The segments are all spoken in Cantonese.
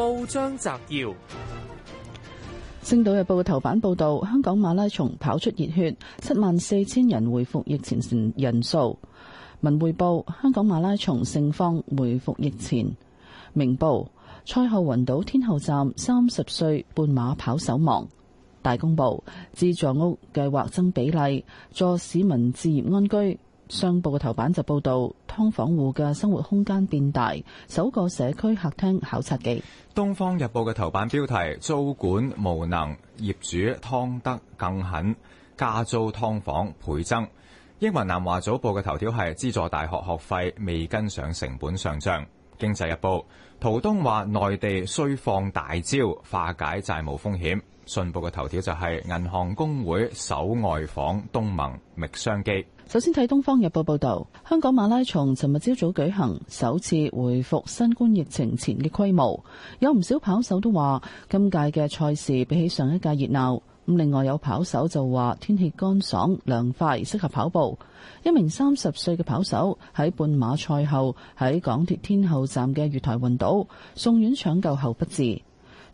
報章摘要：《星島日報》頭版報道，香港馬拉松跑出熱血，七萬四千人回復疫前人數。《文匯報》香港馬拉松盛況回復疫前，《明報》賽後雲島天后站三十歲半馬跑手亡。《大公報》資助屋計劃增比例，助市民置業安居。上報嘅頭版就報道，劏房戶嘅生活空間變大，首個社區客廳考察記。《東方日報》嘅頭版標題：租管無能，業主劏得更狠，加租劏房倍增。《英文南華早報》嘅頭條係資助大學學費未跟上成本上漲。經濟日報，陶冬話內地需放大招化解債務風險。信報嘅頭條就係銀行公會首外訪東盟覓商機。機首先睇東方日報報道，香港馬拉松尋日朝早舉行，首次恢復新冠疫情前嘅規模，有唔少跑手都話今屆嘅賽事比起上一屆熱鬧。另外，有跑手就話天氣乾爽涼快，適合跑步。一名三十歲嘅跑手喺半馬賽後，喺港鐵天后站嘅月台暈倒，送院搶救後不治。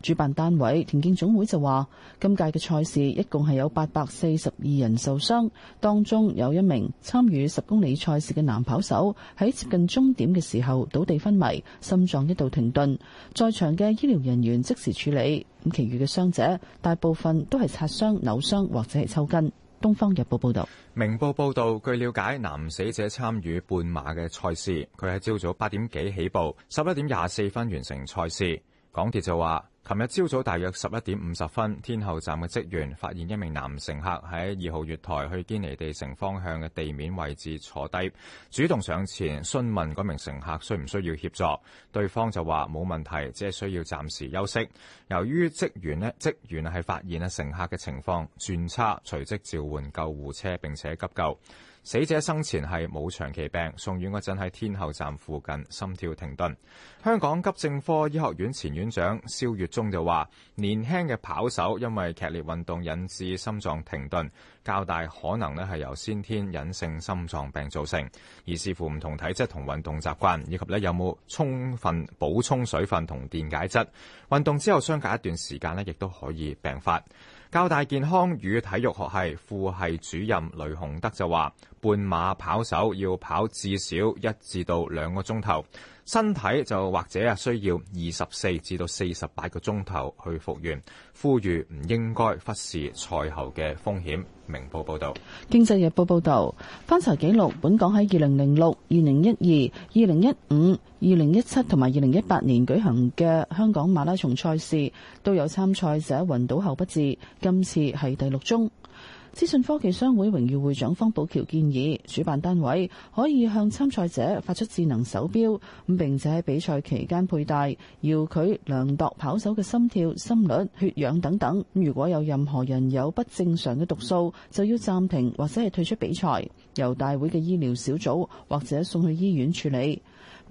主辦單位田徑總會就話，今屆嘅賽事一共係有八百四十二人受傷，當中有一名參與十公里賽事嘅男跑手喺接近終點嘅時候倒地昏迷，心臟一度停頓，在場嘅醫療人員即時處理。咁其餘嘅傷者大部分都係擦傷、扭傷或者係抽筋。東方日報報道，明報報道，據了解男死者參與半馬嘅賽事，佢喺朝早八點幾起步，十一點廿四分完成賽事。港鐵就話：琴日朝早大約十一點五十分，天后站嘅職員發現一名男乘客喺二號月台去堅尼地城方向嘅地面位置坐低，主動上前詢問嗰名乘客需唔需要協助，對方就話冇問題，只係需要暫時休息。由於職員呢，職員係發現啊乘客嘅情況轉差，隨即召喚救護車並且急救。死者生前係冇長期病，送院嗰陣喺天后站附近心跳停頓。香港急症科醫學院前院長蕭月中就話：年輕嘅跑手因為劇烈運動引致心臟停頓，較大可能呢係由先天隱性心臟病造成。而視乎唔同體質同運動習慣，以及呢有冇充分補充水分同電解質，運動之後相隔一段時間呢亦都可以病發。教大健康與體育學系副系主任雷洪德就話，半馬跑手要跑至少一至到兩個鐘頭。身體就或者啊需要二十四至到四十八個鐘頭去復原，呼籲唔應該忽視賽後嘅風險。明報報道。《經濟日報》報道，翻查記錄，本港喺二零零六、二零一二、二零一五、二零一七同埋二零一八年舉行嘅香港馬拉松賽事，都有參賽者暈倒後不治，今次係第六宗。資訊科技商會榮譽會長方寶橋建議，主辦單位可以向參賽者發出智能手表咁，並且喺比賽期間佩戴，要佢量度跑手嘅心跳、心率、血氧等等。如果有任何人有不正常嘅讀數，就要暫停或者係退出比賽，由大會嘅醫療小組或者送去醫院處理。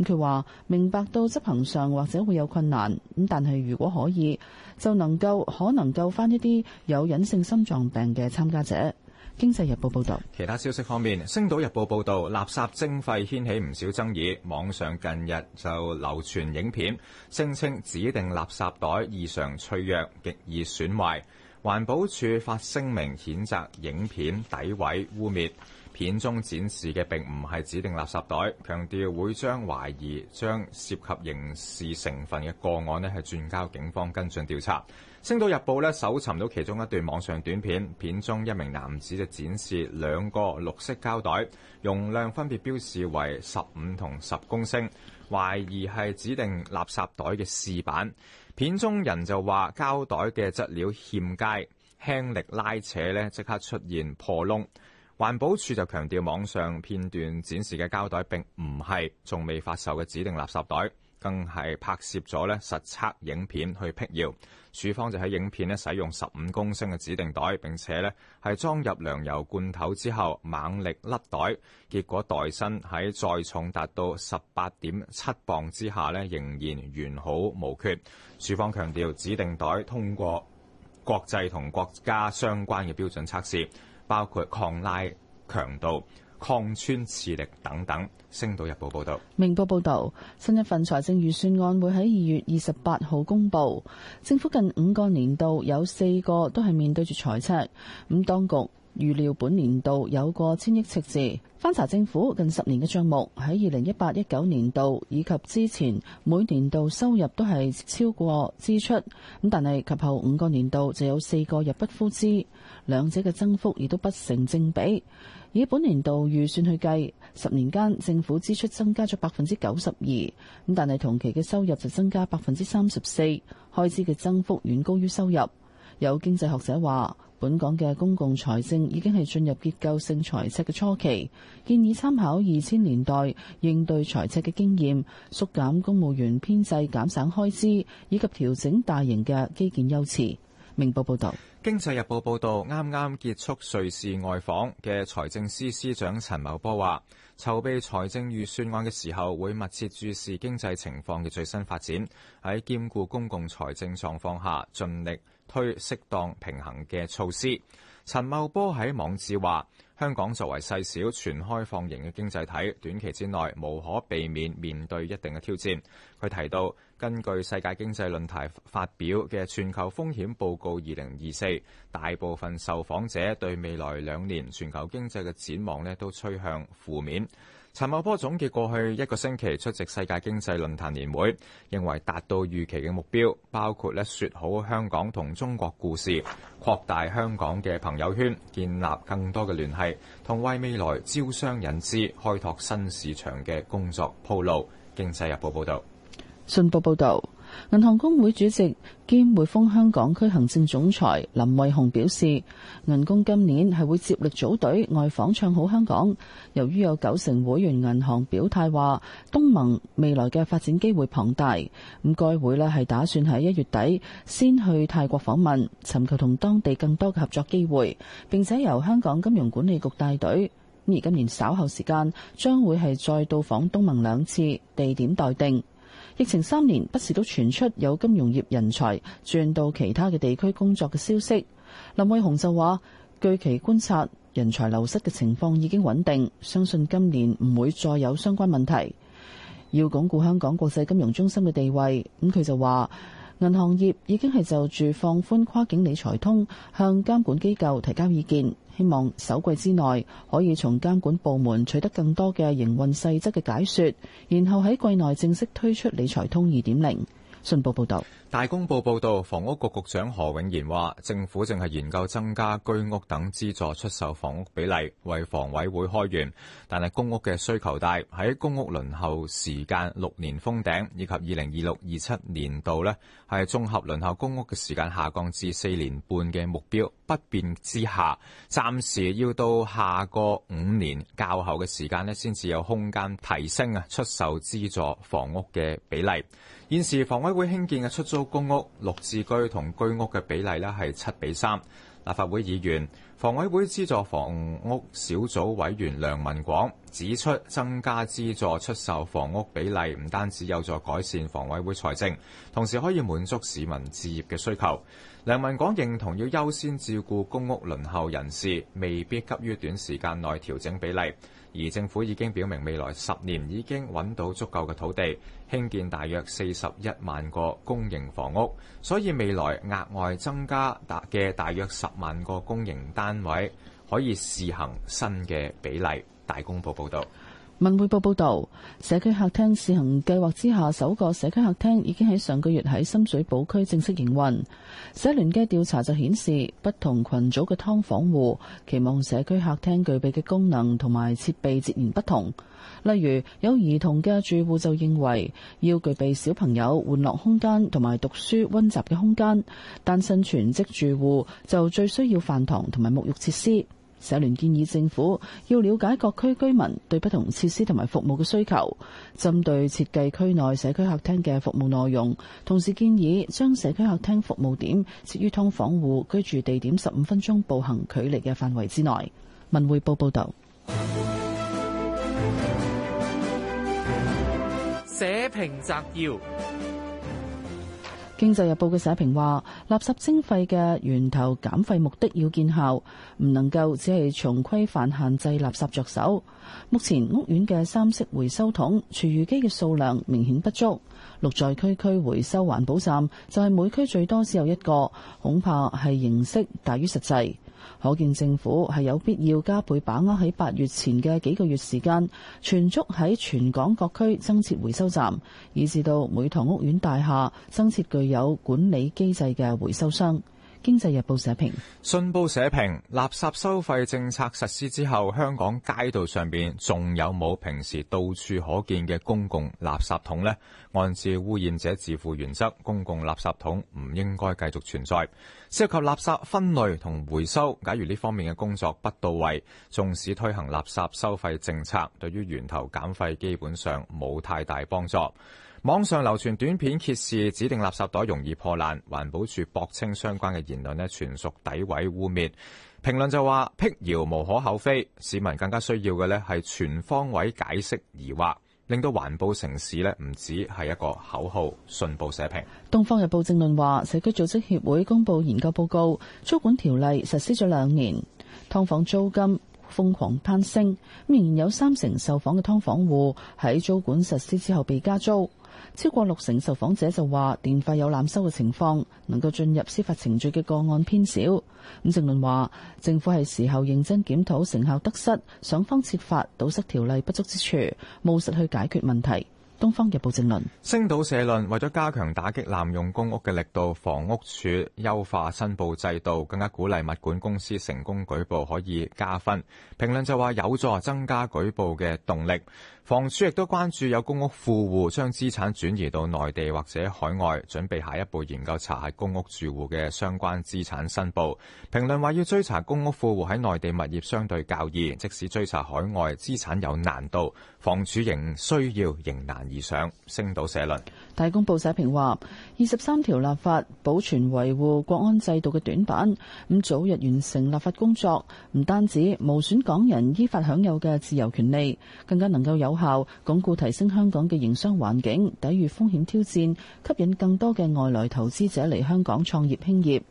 佢話明白到執行上或者會有困難，咁但係如果可以，就能夠可能救翻一啲有隱性心臟病嘅參加者。經濟日報報道，其他消息方面，星島日報報道，垃圾徵費掀起唔少爭議，網上近日就流傳影片，聲稱指定垃圾袋異常脆弱，極易損壞。環保署發聲明譴責影片詆毀污蔑。片中展示嘅並唔係指定垃圾袋。強調會將懷疑將涉及刑事成分嘅個案呢，係轉交警方跟進調查。星島日報咧搜尋到其中一段網上短片，片中一名男子就展示兩個綠色膠袋，容量分別標示為十五同十公升，懷疑係指定垃圾袋嘅試版。片中人就話膠袋嘅質料欠佳，輕力拉扯咧即刻出現破窿。環保署就強調，網上片段展示嘅膠袋並唔係仲未發售嘅指定垃圾袋，更係拍攝咗呢實測影片去辟謠。署方就喺影片呢使用十五公升嘅指定袋，並且呢係裝入糧油罐頭之後，猛力甩袋，結果袋身喺再重達到十八點七磅之下呢，仍然完好無缺。署方強調，指定袋通過國際同國家相關嘅標準測試。包括抗拉強度、抗穿刺力等等。星島日報報道，明報報道，新一份財政預算案會喺二月二十八號公布。政府近五個年度有四個都係面對住財赤，咁當局。預料本年度有過千億赤字。翻查政府近十年嘅賬目，喺二零一八、一九年度以及之前，每年度收入都係超過支出，咁但係及後五個年度就有四個入不敷支，兩者嘅增幅亦都不成正比。以本年度預算去計，十年間政府支出增加咗百分之九十二，咁但係同期嘅收入就增加百分之三十四，開支嘅增幅遠高於收入。有經濟學者話：本港嘅公共財政已經係進入結構性財赤嘅初期，建議參考二千年代應對財政嘅經驗，縮減公務員編制、減省開支，以及調整大型嘅基建優持。《明報》報道，《經濟日報》報道啱啱結束瑞士外訪嘅財政司司長陳茂波話：籌備財政預算案嘅時候，會密切注視經濟情況嘅最新發展，喺兼顧公共財政狀況下，盡力去適當平衡嘅措施。陳茂波喺網誌話，香港作為細小全開放型嘅經濟體，短期之內無可避免面對一定嘅挑戰。佢提到，根據世界經濟論壇發表嘅《全球風險報告二零二四》，大部分受訪者對未來兩年全球經濟嘅展望呢都趨向負面。陳茂波總結過去一個星期出席世界經濟論壇年會，認為達到預期嘅目標，包括咧說好香港同中國故事，擴大香港嘅朋友圈，建立更多嘅聯繫，同為未來招商引資開拓新市場嘅工作鋪路。經濟日報報道，信報報道。銀行公會主席兼匯豐香港區行政總裁林慧虹表示，銀工今年係會接力組隊外訪唱好香港。由於有九成會員銀行表態話，東盟未來嘅發展機會龐大，咁該會咧係打算喺一月底先去泰國訪問，尋求同當地更多嘅合作機會，並且由香港金融管理局帶隊。而今年稍後時間將會係再到訪東盟兩次，地點待定。疫情三年，不時都傳出有金融業人才轉到其他嘅地區工作嘅消息。林慧虹就話：據其觀察，人才流失嘅情況已經穩定，相信今年唔會再有相關問題。要鞏固香港國際金融中心嘅地位，咁佢就話：銀行業已經係就住放寬跨境理財通，向監管機構提交意見。希望首季之內可以從監管部門取得更多嘅營運細則嘅解說，然後喺季內正式推出理財通二點零。信報報道。大公報報道，房屋局局長何永賢話，政府正係研究增加居屋等資助出售房屋比例，為房委會開源。但係公屋嘅需求大，喺公屋輪候時間六年封頂，以及二零二六、二七年度呢係綜合輪候公屋嘅時間下降至四年半嘅目標不變之下，暫時要到下個五年較後嘅時間呢，先至有空間提升啊出售資助房屋嘅比例。現時房委會興建嘅出租租公屋、綠置居同居屋嘅比例咧係七比三。立法會議員、房委會資助房屋小組委員梁文廣，指出增加資助出售房屋比例，唔單止有助改善房委會財政，同時可以滿足市民置業嘅需求。梁文廣認同要優先照顧公屋輪候人士，未必急於短時間內調整比例。而政府已經表明未來十年已經揾到足夠嘅土地興建大約四十一萬個公營房屋，所以未來額外增加大嘅大約十萬個公營單位，可以試行新嘅比例。大公報報道，文匯報報道，社區客廳試行計劃之下，首個社區客廳已經喺上個月喺深水埗區正式營運。社聯嘅調查就顯示，不同群組嘅劏房戶期望社區客廳具備嘅功能同埋設備截然不同。例如，有兒童嘅住戶就認為要具備小朋友玩樂空間同埋讀書溫習嘅空間，單身全職住戶就最需要飯堂同埋沐浴設施。社聯建議政府要了解各區居民對不同設施同埋服務嘅需求，針對設計區內社區客廳嘅服務內容，同時建議將社區客廳服務點設於劏房戶居住地點十五分鐘步行距離嘅範圍之內。文匯報報道。社評摘要。經濟日報嘅社評話，垃圾徵費嘅源頭減廢目的要見效，唔能夠只係從規範限制垃圾着手。目前屋苑嘅三色回收桶、廚餘機嘅數量明顯不足，綠在區區回收環保站就係每區最多只有一個，恐怕係形式大於實際。可見政府係有必要加倍把握喺八月前嘅幾個月時間，全速喺全港各區增設回收站，以至到每幢屋苑大廈增設具有管理機制嘅回收商。經濟日報社評：信報社評，垃圾收費政策實施之後，香港街道上邊仲有冇平時到處可見嘅公共垃圾桶呢？按照污染者自付原則，公共垃圾桶唔應該繼續存在。涉及垃圾分類同回收，假如呢方面嘅工作不到位，縱使推行垃圾收費政策，對於源頭減廢基本上冇太大幫助。網上流傳短片揭示指定垃圾袋容易破爛，環保署駁稱相關嘅言論咧全屬詆毀污蔑。評論就話闢謠無可厚非，市民更加需要嘅咧係全方位解釋疑惑，令到環保城市咧唔止係一個口號。信報社評，《東方日報》政論話，社區組織協會公布研究報告，租管條例實施咗兩年，劏房租金。瘋狂攀升，仍然有三成受訪嘅劏房戶喺租管實施之後被加租，超過六成受訪者就話電費有濫收嘅情況，能夠進入司法程序嘅個案偏少。咁正論話，政府係時候認真檢討成效得失，想方設法堵塞條例不足之處，務實去解決問題。《東方日報政論》政論，星島社論，為咗加強打擊濫用公屋嘅力度，房屋署優化申報制度，更加鼓勵物管公司成功舉報可以加分。評論就話有助增加舉報嘅動力。房署亦都關注有公屋富戶將資產轉移到內地或者海外，準備下一步研究查核公屋住戶嘅相關資產申報。評論話要追查公屋富戶喺內地物業相對較易，即使追查海外資產有難度，房署仍需要迎難而上。星島社論。《大公報》社評話：二十三條立法保全維護國安制度嘅短板，咁早日完成立法工作，唔單止無損港人依法享有嘅自由權利，更加能夠有效鞏固提升香港嘅營商環境，抵御風險挑戰，吸引更多嘅外來投資者嚟香港創業興業。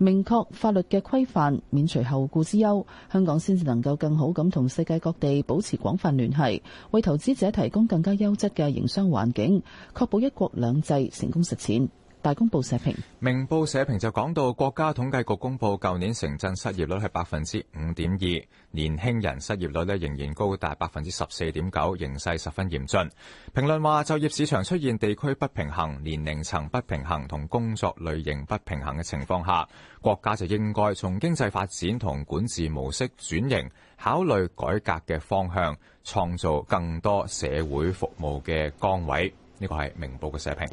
明確法律嘅規範，免除後顧之憂，香港先至能夠更好咁同世界各地保持廣泛聯繫，為投資者提供更加優質嘅營商環境，確保一國兩制成功實踐。大公報社評，明報社評就講到國家統計局公布舊年城鎮失業率係百分之五點二，年輕人失業率咧仍然高達百分之十四點九，形勢十分嚴峻。評論話就業市場出現地區不平衡、年齡層不平衡同工作類型不平衡嘅情況下，國家就應該從經濟發展同管治模式轉型，考慮改革嘅方向，創造更多社會服務嘅崗位。呢、這個係明報嘅社評。